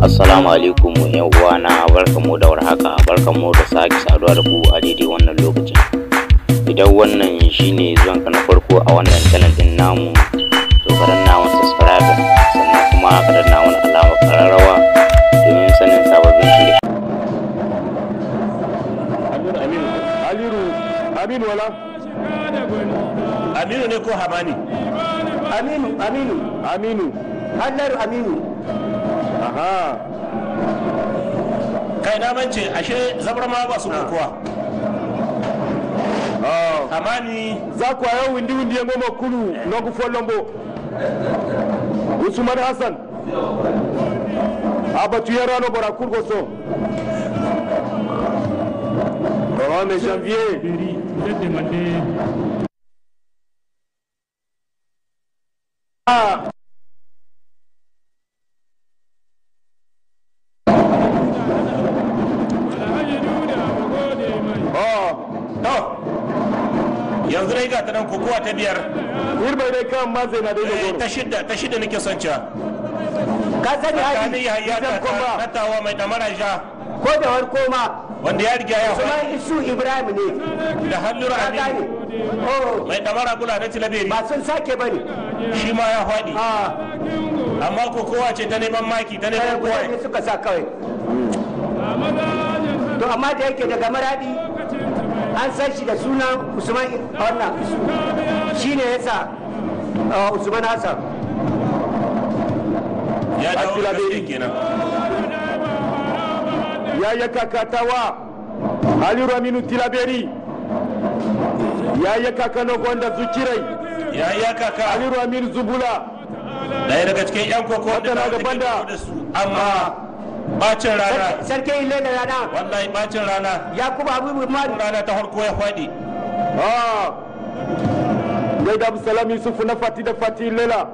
Assalamu alaikum na. uwana barkamu da warhaka barkamu da sake saduwa da ku a daidai wannan lokacin. Idan wannan shine zuwan ka na farko a wannan channel din namu to karan na wani subscribe sannan kuma karan na wani alama kararrawa domin sanin sababbin shi. Aliru Aminu wala Aminu ne ko Hamani Aminu Aminu Aminu Hannaru Aminu kai na mance ashe zabar ma ba su kokowa ni. za ku yau windi windi ya goma kulu na gufo lombo usman hassan abatu ya rano bora kurgo goso Laurent et janvier. Ah. zuwa ta biyar Wurbai dai kan ma zai na dai da eh, ta shida ta shida nake son cewa ka sani hadi zan kuma na tawa mai damara ja ko da wani koma wanda ya riga ya kuma isu ibrahim ne da hannu rani oh. mai damara bula na tilabiri ba sun sake bane shi ma ya faɗi ah. amma ko kowa ce ta neman maki ta neman kowa suka sa kawai to amma da yake daga maradi an san shi da suna usman wannan shi ne ya sa uh, usman hassan ya dawo da shi kenan ya yi kakatawa aliru raminu tilaberi ya yi kaka na gwanda zukirai ya yi kaka aliru raminu zubula da ya daga cikin yan koko da daban da amma bacin rana sarki ile da rana wallahi bacin rana ya kuma abubu ma rana ta harko ya faɗi dai ah. da salam yusufu na fati da fati lela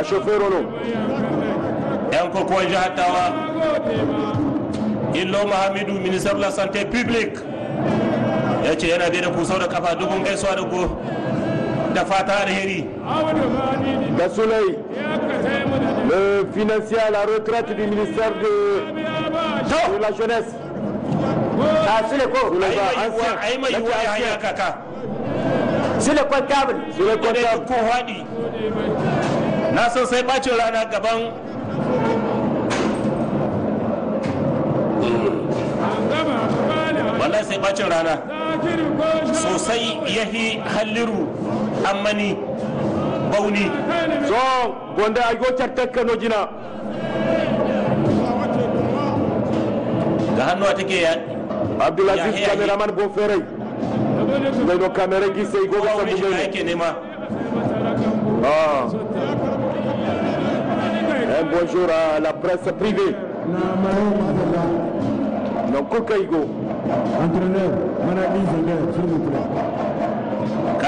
a shofero no yan kokowar jihar tawa illo mahamidu minister la santé publique ya ce yana daida kusau da kafa dubun gaisuwa da go da fata alheri da sulai le financier la retraite du ministère de, la jeunesse a sule ko a yi mai yiwuwa ya hanyar kaka sule kwan kabin sule kwan ko haɗi na san sai bacin rana gaban wallahi sai bacin rana sosai yahi halliru amani bauni so gonde ay go cartakka no jina ga hanno atake ya abdulaziz cameraman bo ferey gayno camera gi sey goga sabu gayno ke Um ah un eh, bonjour à la presse privée donc kokaigo entraîneur managise s'il vous plaît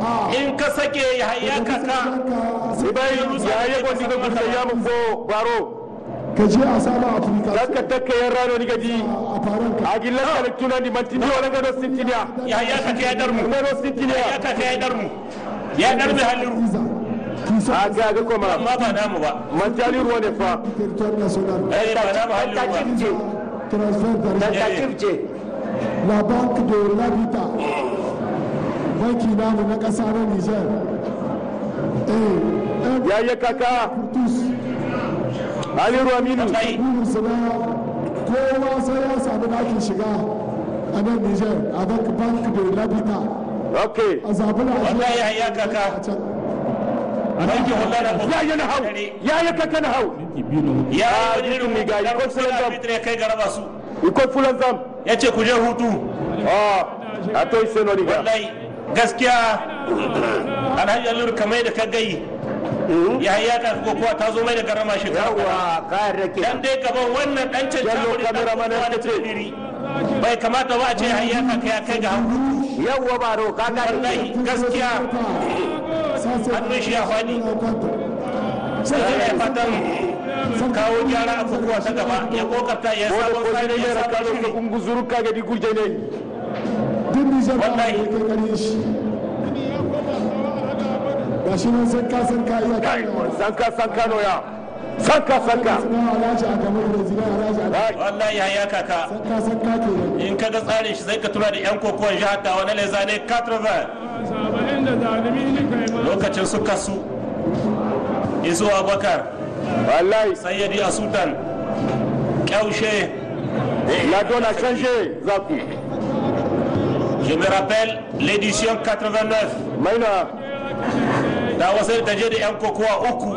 in ka sake yahaya kaka zubairu ya yi gwani da gusa ya mun go baro ka je a sama afirka zaka takka yan rano ni gaji a gillar kalaktuna ni mantini wani gano sintiniya yahaya ya darmu gano sintiniya yahaya kaka ya darmu ya darmu halliru a ga ga kuma amma ba namu ba man jali ruwa ne fa eh ba namu halin ruwa transfer da la banque de l'habitat eh. banki namu na ƙasa na nijar eh, eh, ya yi kaka aliru kowa sai ya samu shiga a nan a bank bank da labita ok a ya kaka ya hau ya kaka na hau ya yi ah, ga iko fulan zam kai garaba su iko fulan zam ku je hutu a ah, a to sai no riga wallahi gaskiya alhaji allur kamar da ka gai hmm? ya ya ta ko ta zo mai da garama shi yawa kayar da ke dan dai gaban wannan dan da da bai kamata ba a ce har ya ka ya kai ga hannu yawa ba ro ka ga wallahi gaskiya hannun shi ya fadi sai ya fata kawo gyara abubuwa ta gaba ya kokarta ya sabon kare ya sabon sabon wallahi ga shi nan sanka sanka kai sanka sanka noya sanka sanka wallahi ya kaka sanka sanka ke in kaga tsarin shi sai ka tura da yan kokowar jihar ta wani lezane katrover lokacin su kasu isu abakar wallahi sayyadi asutan kyaushe la canje zaku Je me rappelle l'édition 89. Maina. Da wasu ta je da 'yan kokowa uku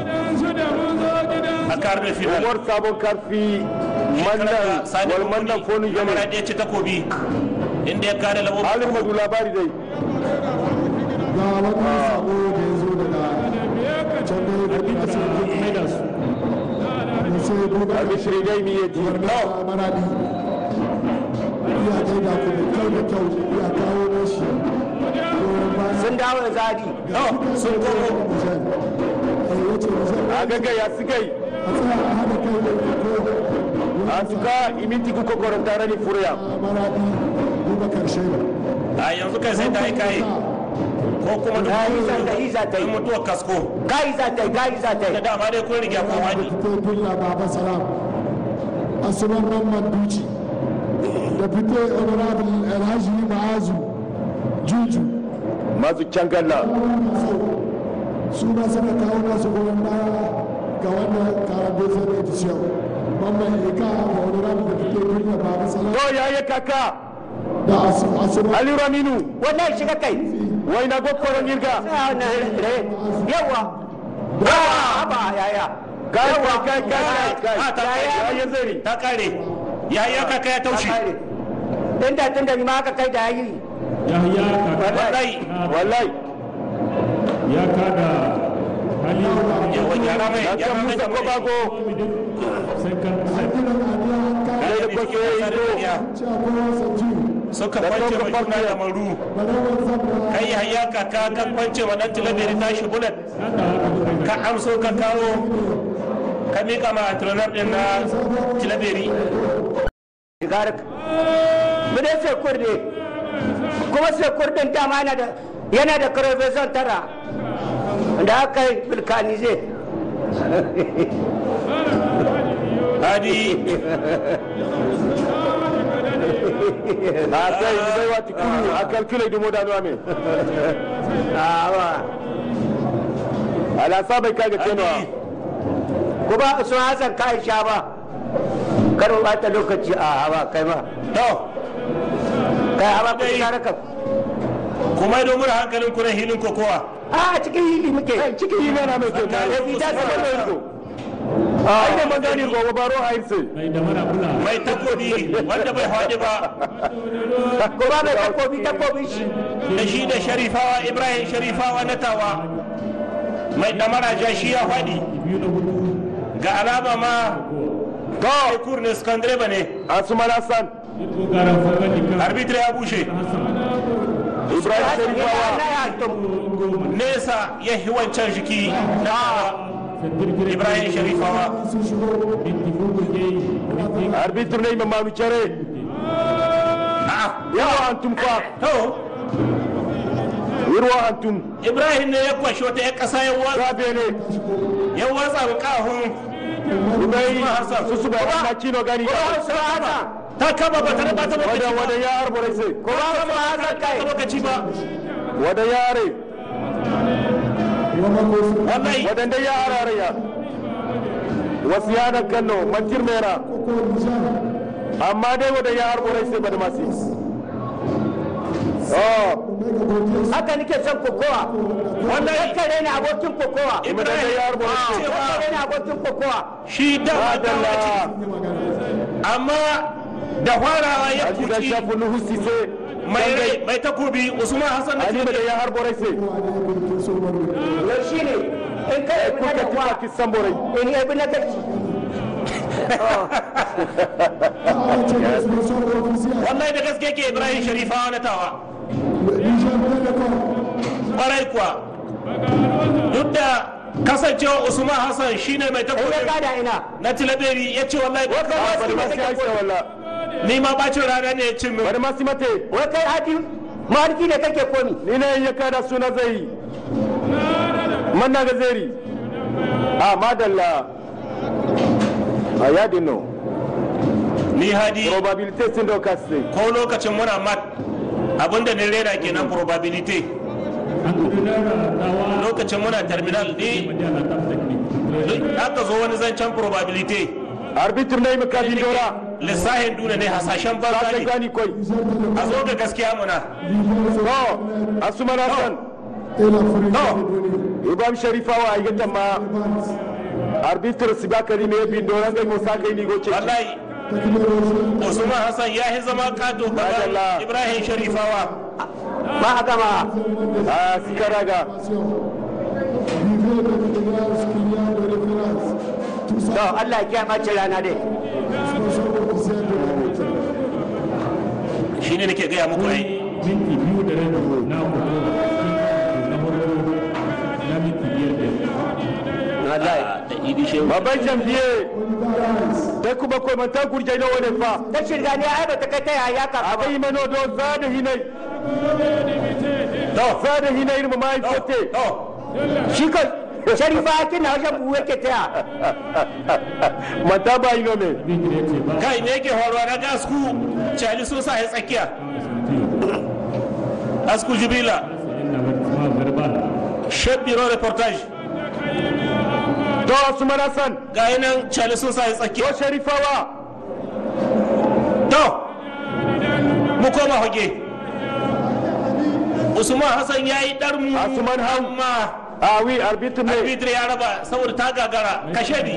a kar da final. Umar sabon karfi mandan fonu takobi inda kare labari wani sabo da ya zo daga can da ya kuma kuma sun dawo da zadi sun koro a su a iminti kuka a yanzu kai sai ta yi kayi ko kuma duk da yi za ta yi mutuwa kasko kayi za ta yi kayi za ta yi da dama dai kun rigya ko mani billa baba salam asuman ramman duci da fito honorable alhaji ma'azu juju masu galla. su ma suka kawo nasu goyon baya ga wannan taron da zai da shi yau mamman ika ga wani rabu da fito duniya ba da salama to yi kaka da asuba ali raminu wannan shiga kai wai na gokkoro girga yawa yawa ba yaya kai kai kai kai ta kare ta kare yayi kaka ya taushe tunda tunda ma aka kai da yayi yahya wallahi wallahi ya kada hali suka kwance wa da maru kai ka ka kan kwance wa dan tilabiri tashi bulat ka amso ka kawo ka mika ma tunanar din na sai kurde kuma sai kurdin dama yana da karfesan tara da aka yi bilkani zai hadi a sai yi zai wata tikuru a kalkule dumo da nuwa mai alasa bai kaga kenawa kuma su hasan ka sha ba karo ta lokaci a hawa kai ba to la ba ku sharakan kuma yi domin hankalin kuna hilin kokowa a cikin hili muke cikin hili yana mai kyau da fi ta sama da yanzu ai da magani gobe baro a sai mai takobi wanda bai haɗe ba kuma mai takobi takobi shi da shi da sharifawa ibrahim sharifawa na tawa mai damara ja shi ya faɗi ga alama ma ga kurnis sakandare ba ne asuma malasan arbitre ya bushe ibrahim nesa ya yi wancan jiki na ibrahim sharifawa arbitre ne imam manu cere yawa antum fa to antum ibrahim ne ya kwashe wata ya kasa ya watsa ne ya watsa ga kahun ibrahim su su ba wani kino gani ba ta kama ba ta ba ta lokaci ba wada ya arbore sai ko ba ta ba ta lokaci ba wada ya are wallahi wadan da ya arare ya da kallo mantir mera amma dai wada ya arbore sai ba da masu oh. oh. haka nike son kokowa wanda ya kare ni abokin kokowa ibrahim ya kare ni abokin kokowa shi da wadanda amma da farawa ya tuki mai takobi usman hassan na da ya harbo rai sai ya shi ne in ka yi eh, kuka tuka kisan borai in yi abin na karki wallahi da gaske ke ibrahim sharifa wani tawa kwarai kuwa duk da kasancewa usman hassan shine mai takobi eh, na tilaberi ya ce wallahi ba ka ba su ni ma bacin rana ne ya cin min bari ma su mate wai kai hadi maharki ne kake komi ni na ya kada suna zai yi manna ga zeri a ah, madalla a ah, yadin no ni hadi probability sun dauka sai. ko lokacin muna mat abinda ni rera kenan probability lokacin muna terminal ne aka zo wani zancen probability arbitrum na yi mukabi dora lissahin duna ne hasashen banza gani koi a zo ga gaskiya muna to su mana son. to ibam sharifawa a yadda ma arbitr su ba kari ne bin doron gai musa kai ni goce wallahi usman hassan ya yi zama kato gaban ibrahim sharifawa ma haka ma a sikaraga to Allah ya kiyama ce rana dai shi ne nake gaya muku ai minti biyu da rai na da kuma na wani fa ne ai ba ta kai ta yaya ka mano don hinai hinai mu shi sharifa kina wajen buwe ke taya mata ba yi nome kai ne ke horo na gasku cali so sa ya tsakiya asku jibila shabiro reportage to su marasan ga yi nan cali so sa ya tsakiya to sharifawa to mu koma hoge usman hassan ya yi darmu usman hamma a ah, wi arbitre mai arbitre ya raba saboda ta gagara kashe ni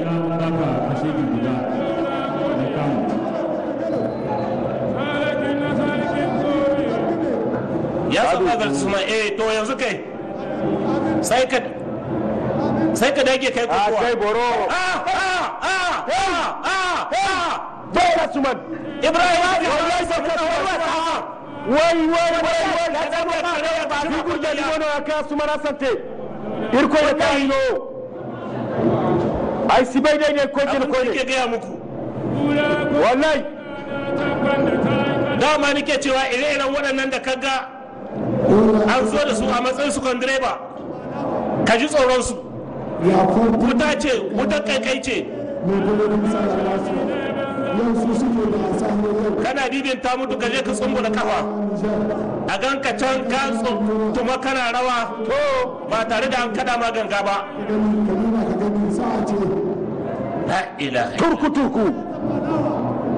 ya saba ga suma eh to yanzu kai sai ka sai ka dage kai ah, kokowa a kai boro a a a a a bai suman ibrahim wallahi sai ka wai wai wai wai Ya ka tsaya ya ba ku gurje limono ka suman asante irko da kai no ai si bai dai ne ko jin ko ne gaya muku wallahi dama nake cewa ire-iren waɗannan da kaga an zo da su a matsayin su kan direba ka ji tsoron su wuta ce wuta kai ce kana bibin ta mutu gaje ka je da kafa a ganka can ka tuma kana rawa to ba tare da an kada ma ganga ba turku turku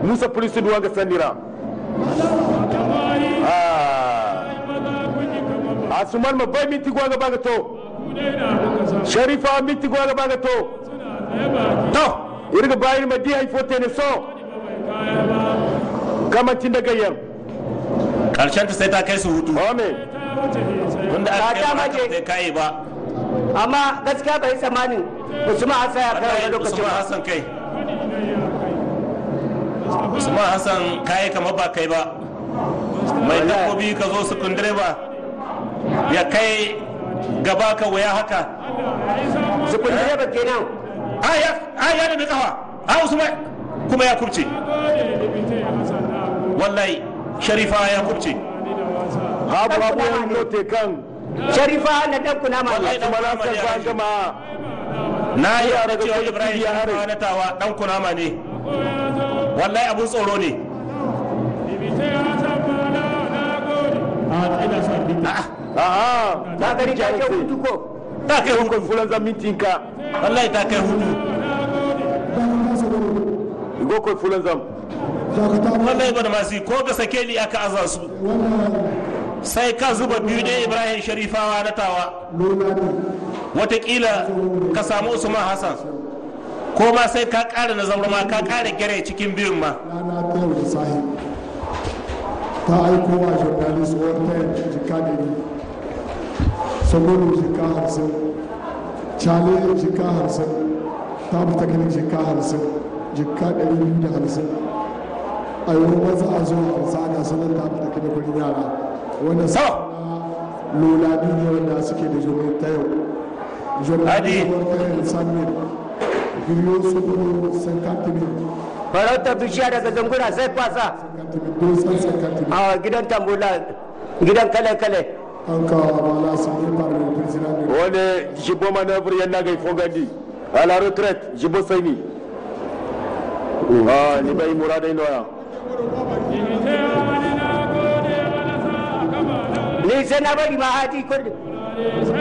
musa prince duwa ga sandira a ah. suman ma bai minti gwa gaba ga to sharifa minti gwa gaba ga to to irga bayan madi haifo tene so gamancin da gayyar karshen ta sai ta kai su hutu ome wanda aka kai ba ta kai ba amma gaskiya bai samani usman hasan ya kai lokacin usman hassan kai usman hassan kai kamar ba kai ba mai dabbobi ka zo su kundire ba ya kai gaba ka wuya haka su kundire ba kenan a ya da kafa a usman kuma ya kubce wallahi sharifa ya kubce babu abubuwan note kan sharifa na dan kuna ma wallahi dan kuna ma na yi a cewa ibrahim ya hare na tawa dan kunama ne wallahi abun tsoro ne ta kai hutu ko ta kai hutu fulan zamin tinka wallahi ta kai hutu go ko fulan zam wanda ya gwada ko ga sakeli aka aza su sai ka zuba biyu ne ibrahim sharifawa na tawa watakila ka samu usman hassan ko ma sai ka ƙara na zaura ma ka ƙara gare cikin biyun ma ta aiko wa journalist wata jika ne ni sabon jika hamsin challenge jika hamsin ta mutakin jika hamsin jikka 250 a yi maza a zo hausa ana da yara wanda sa ne wanda suke da ta yau ta yau giriyo su san bishiya daga zanguna sai kwasa a gidan tambula gidan kale-kale anka voilà c'est bien par le président on est jibo jibo Mm. a ah, ni bai muradai loya N'i sai na bari ma haji kurdin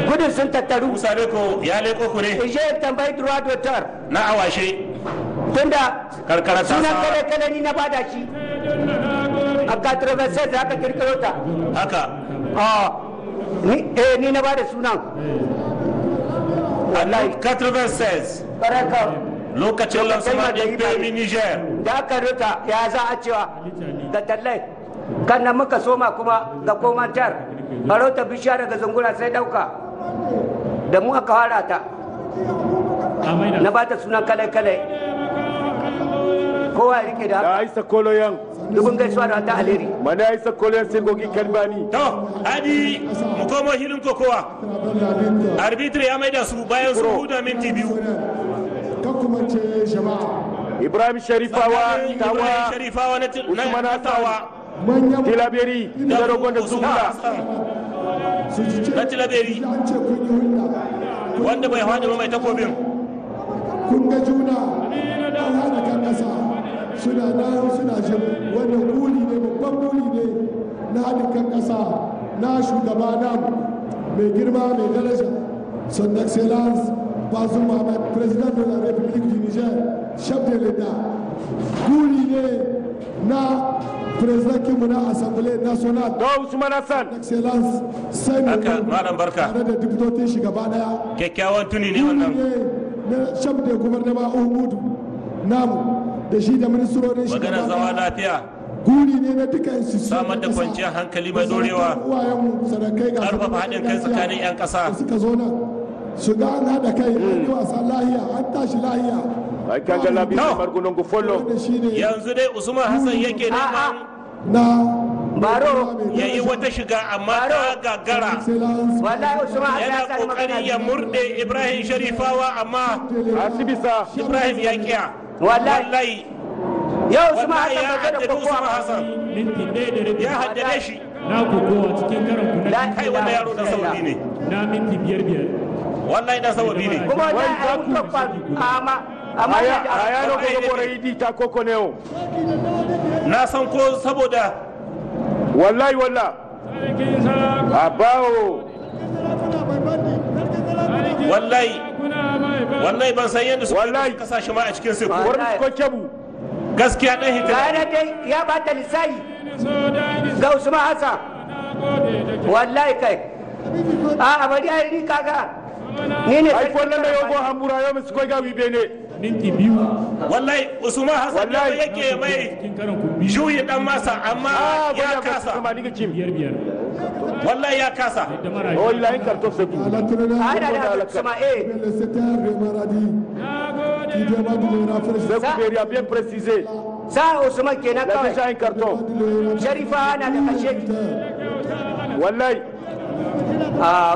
gudun sun tattaru musa ko ya leko ku ne je tambayi droit dotar. na awashe tunda karkara ta sunan kare ni na bada shi a katroversal haka kirkiro ta haka ah, eh ni na bada sunan Allah 96 baraka lokacin lansama ɗin bemi niger da aka ya za a cewa da tallai kan na muka soma kuma ga komantar farauta bishiya daga zungura sai dauka da mu aka fara ta na ba ta sunan kalai-kalai kowa rike da haka da aisa koloyan dubin gaisuwa da ta aliri mana aisa koloyan sai gogi kalmani to adi mu komo hilin kokowa arbitri ya maida su bayan su huda minti biyu hukumance jama'a ibrahim sharifawa tawa usman asawa tilaberi da rogon da zubula na tilaberi wanda bai hada mai takobin kun ga juna an hada kan kasa suna nan suna jin wanda guri ne babban guri ne na haɗin kan kasa na shugaba na mai girma mai daraja son excellence Bazou Mohamed, président de la République du Niger, chef de l'État, Gouliné na président qui Kimuna Assemblée nationale. Da Usman Hassan. Excellence Sai Madame Malam Barka. Tare da diputoti Chigabana. daya. Kyakkyawan ni madame. wannan. Na chef de gouvernement Uhud Nam, de Jida Ministro de Chigabana. Magana zama Atia. guri ne na duka institution samar da kwanciyar hankali mai dorewa karfafa haɗin kai tsakanin 'yan ƙasa suka zo nan shiga na da kai hmm. an yi wasan lahiya an tashi lahiya ai kan ga labi kamar gudun gufolo yanzu dai usman hassan yake neman na baro ya yi wata shiga amma ta gagara yana kokari ya murde ibrahim sharifawa amma ibrahim ya kiya wallahi ya usman hassan ya haddade shi na kokowa cikin karan kuna kai wanda yaro da sauri ne na minti biyar biyar wannan idan sababi ne kuma da a mutuwa amma amma a yano ko ga borai di ta koko ne o na san ko saboda wallahi walla a bawo wallahi wallahi ban san yadda suka kasa shi ma a cikin sai kuwar ko kebu gaskiya dan hita na dai ya bata lisani ga Usman hasa wallahi kai a abari ai kaga ni ne ai wannan da yogo hamura yau su koi ga wibe ne ninki biyu wallahi usman hasan da yake mai juyi dan masa amma ah, ya kasa kuma ni ga biyar biyar wallahi ya kasa o ila in karto se tu ai da da kuma eh le setar de maradi bien précisé ça usman kenan kawai la un carton sharifa na da kashe wallahi ah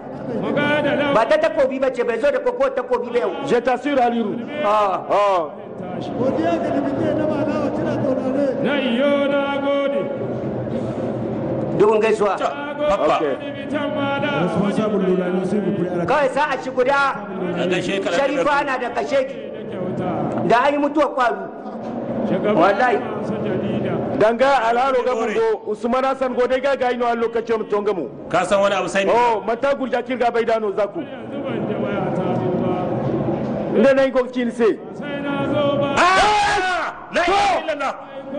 ba ta takobi ba ce bai zo da koko takobi ba yau je ta sira liru godiya ga dibite na malawa tana taurare na iyo na gode dubun gaisuwa babba kawai sa'a ci guda sharifa na da kashe da an yi mutuwa kwaru wallahi danga alaro ga bugo usman hasan go dai ga ga ino allo kace mu tongamu ka san wani abu sai ne oh mata gurja kirga bai dano zaku inda nayi ko kin ah! ah! sai la ilaha illallah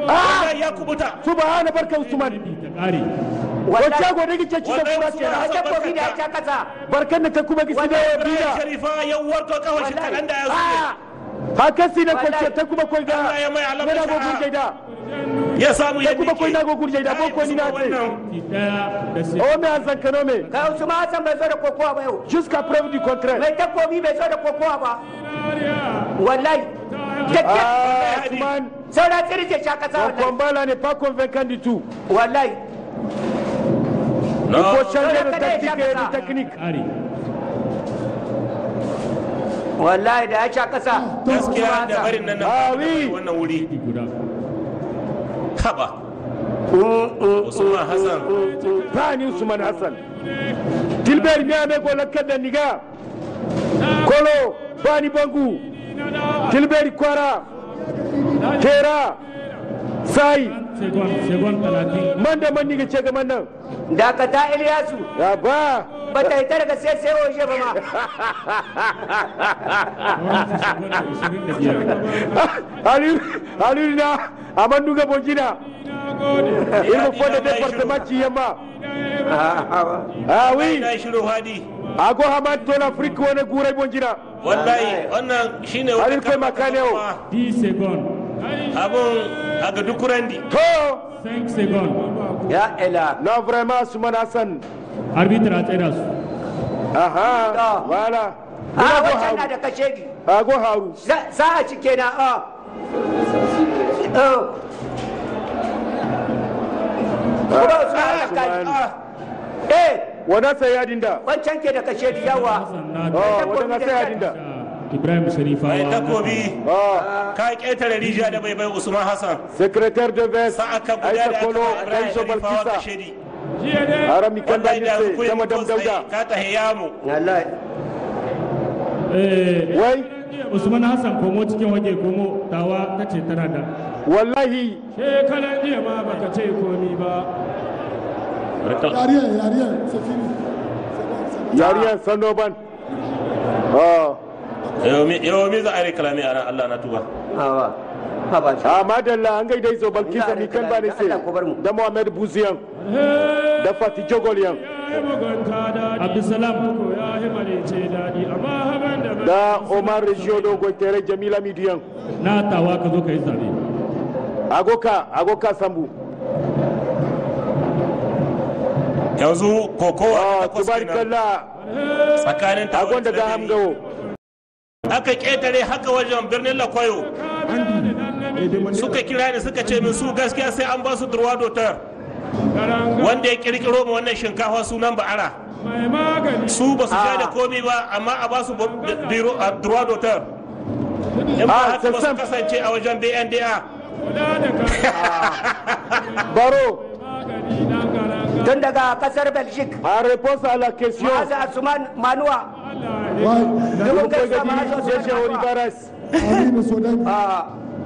ah! ya kubuta subhana barka usman wacce gode gice ci da kuma ce wacce ko bi da ta kasa barkan da ta kuma gisi da biya sharifa yawwar ko kawai shi ta da ya zuwa hakasi na kwace ta kuma koi da yana go gurje da ya samu ya kuma koi na go gurje da boko ni na ce o me azan kano me ka usman hasan bai zo kokowa ba yau jusqu'à preuve du contraire mai bai zo kokowa ba wallahi usman ah, saura tsirje sa wallahi kwambala ne pas convaincant du wallahi wallahi da ya sha kasa gaskiya da barin nan wannan wuri haba mm, mm, mm, usman hassan tani usman hassan tilber mi ame ko da niga kolo bani bangu tilber kwara tera sai manda man ga ce ga nan dakata ilyasu ya ba bata yi tara ga sai sai waje ba ma halilu na a manduga bokina ilmu fada da farsamanci yamma a ah, ah, wi a ko hama tola frik wona gurai bokina wallahi wannan shine wani kai makane o abun aga dukurandi to 5 seconds ya ila no vraiment sumana san arbitra a tsira su aha wala a wancan na da kashedi a go haru za a cike na a oh. ah, kuma usman alkali eh wana sai yadin da wancan ke da kashe kashedi yawa ah, ah, wana sai yadin da ibrahim sharifa ya takobi ka ƙetare rijiya da bai bai usman hassan secretary de vest sa'aka guda da aka ibrahim sharifa wa kashedi harami kan da ne ta madam dauda ka ta hiyamu wallahi eh wai usman hassan komo cikin waje komo tawa ta ce tana da wallahi shekaran jiya ma baka ce komi ba yariya yariya safini yariyan sanoban ah. yo mi za a reklami a Allah na tuba fa ba shi a madalla an gaida izo balki sami kan ba ne sai da muhammad buziyan da fati jogoliyan da omar Dogo gwaitere jamila midiyan na tawa ka zo ka yi zabe agoka agoka sambu yanzu kokowa ah, ta kwasina tsakanin tawa da hamgawo aka ketare haka wajen birnin lakwayo suka kira da suka ce min su gaskiya sai an ba su durwa dotar wanda ya kirkiro mu wannan shinkafa sunan ba'ara su ba su da komi ba amma a ba su durwa dotar in ba haka ba su kasance a wajen bnda baro tun daga kasar belgic a reposa la question ma'aza asuman manuwa domin kai sama hajjo sai wani baras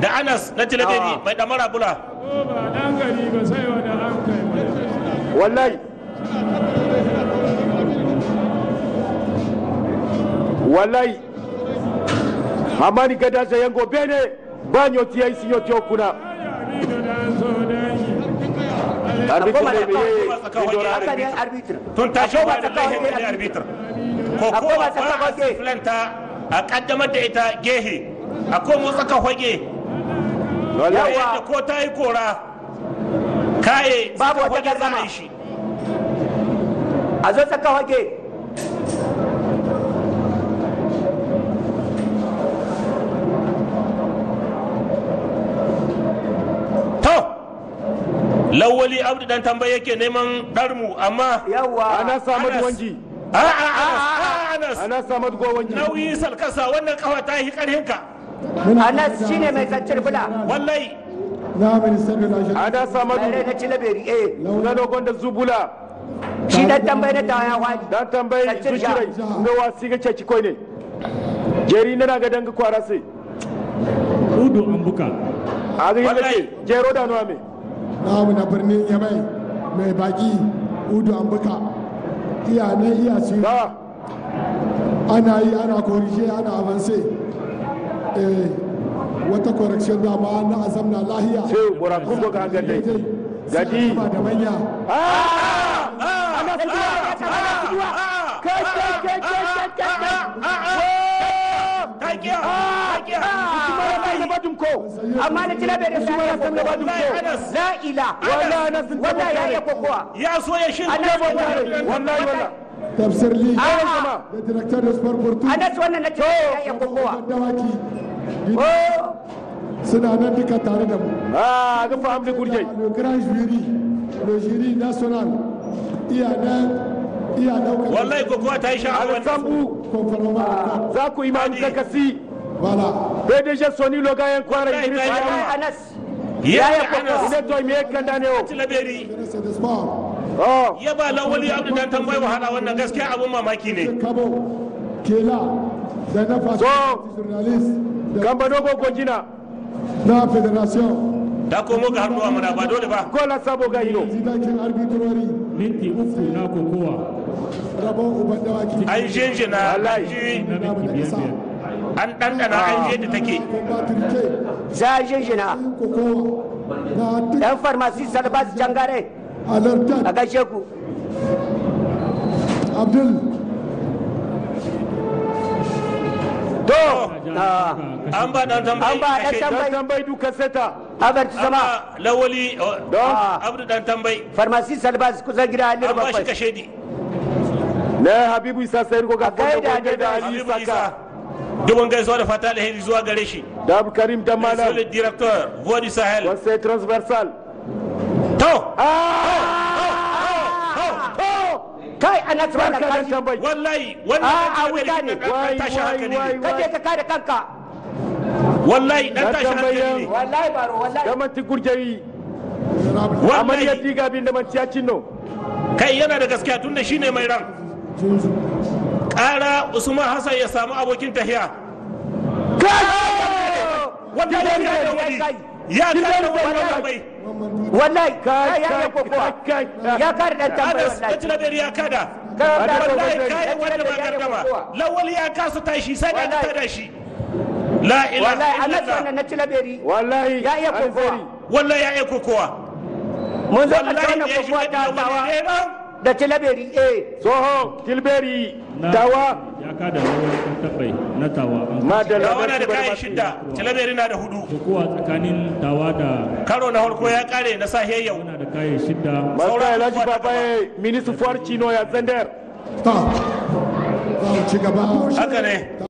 da anas na tilabiri mai damara bula ba dan gari ba sai wani an kai wallahi wallahi hamani gada zayen gobe ne ba nyoti ya isi nyoti okuna tun tasho ba ta kai ne arbitr ko ko ba ta kai a kaddamar da ita gehe a ko komo tsaka hoge yadda ko ta yi kora kaye babu wata zama. shi a zo saka wage lawali abdu dan tambaye yake neman darmu amma yawa ana samu wanji a a a anas ana samu gowanji nauyi salkasa wannan kawa ta yi karhinka anas shine mai zancir fula wallai anas samadu na cilaberi eh na dogon da zubula shi dan tambayi na tawaya wani dan tambayi sushirai na wasi ga ceci koi ne jeri na ga danga kwara sai udu ambuka a ga yi jero da nuwa me namu na birnin yamai mai baki udu ambuka iya ne iya su ana yi ana korishe ana avanse Eh, wata correction da ma na azam na lahiya sai buran kungo ga dai. gadi da manya a ah, a ah, ah, ana fitowa ana fitowa kai kai kai kai kai kai kai amma na tila da su mara san gaba dunko la ila wala na sun tabbata ya kokowa ya so ya shin wallahi wallahi tafsir li da directeur de sport portu anas wannan nace yayin kokowa suna nan duka tare da mu ah ga fa'am da gurje le grand jury le jury national iya nan iya dauka wallahi kokowa ta yi sha'awa wannan ah, za ku imam zakasi wala Kwara Anas yaya kokowa ne to me kan o ya ba lawali abdu da tambayi wahala wannan gaskiya abun mamaki ne so kamba dogo gojina na federation da komo ga harnuwa mana ba dole ba gola sabo ga hilo minti uku na kokowa an jenje na alaji an dandana, an yadda take za a na farmasi salbas jangare halartar a gaishe ku abdul to an ba dan tambayi tambayi duka seta abarci sama lawali don abdu dan tambayi farmasi salbas kusa gida alir bakwai amma shi kashedi na habibu isa sayar ko ga kai da ali saka dubon gaisuwa da fata alheri zuwa gare shi da karim dan malam director voix du sahel conseil transversal Ah! to kai ana tsara kan tambayi wallahi wallahi ah, a ah, wuta ne kaje ka kare kanka wallahi dan tashi hankali wallahi baro wallahi da manti gurjayi wallahi ya diga bin da manti ya cinno kai yana da gaskiya tunda shine mai ran kara usman hasan ya samu abokin tahiya kai wallahi ya kai يا كارن والله والله كاي يا كوكو يا كارن انت والله يا كدا والله كاي والله ما قدما لو لي اكاس تايشي سنه انت داشي لا اله الا الله والله انا نتلا بيري والله يا يا كوكو والله يا يا كوكو من زمان كان كوكو دا دا تلا بيري اي زوهو تلبيري نعم. دواء ka da na tawa da kai shidda talabiri na da hudu kokowa tsakanin tawa da karo na harko ya kare na sahiya yau na da kai shidda saura laji babaye minister fuwar chino ya zander ci gaba haka ne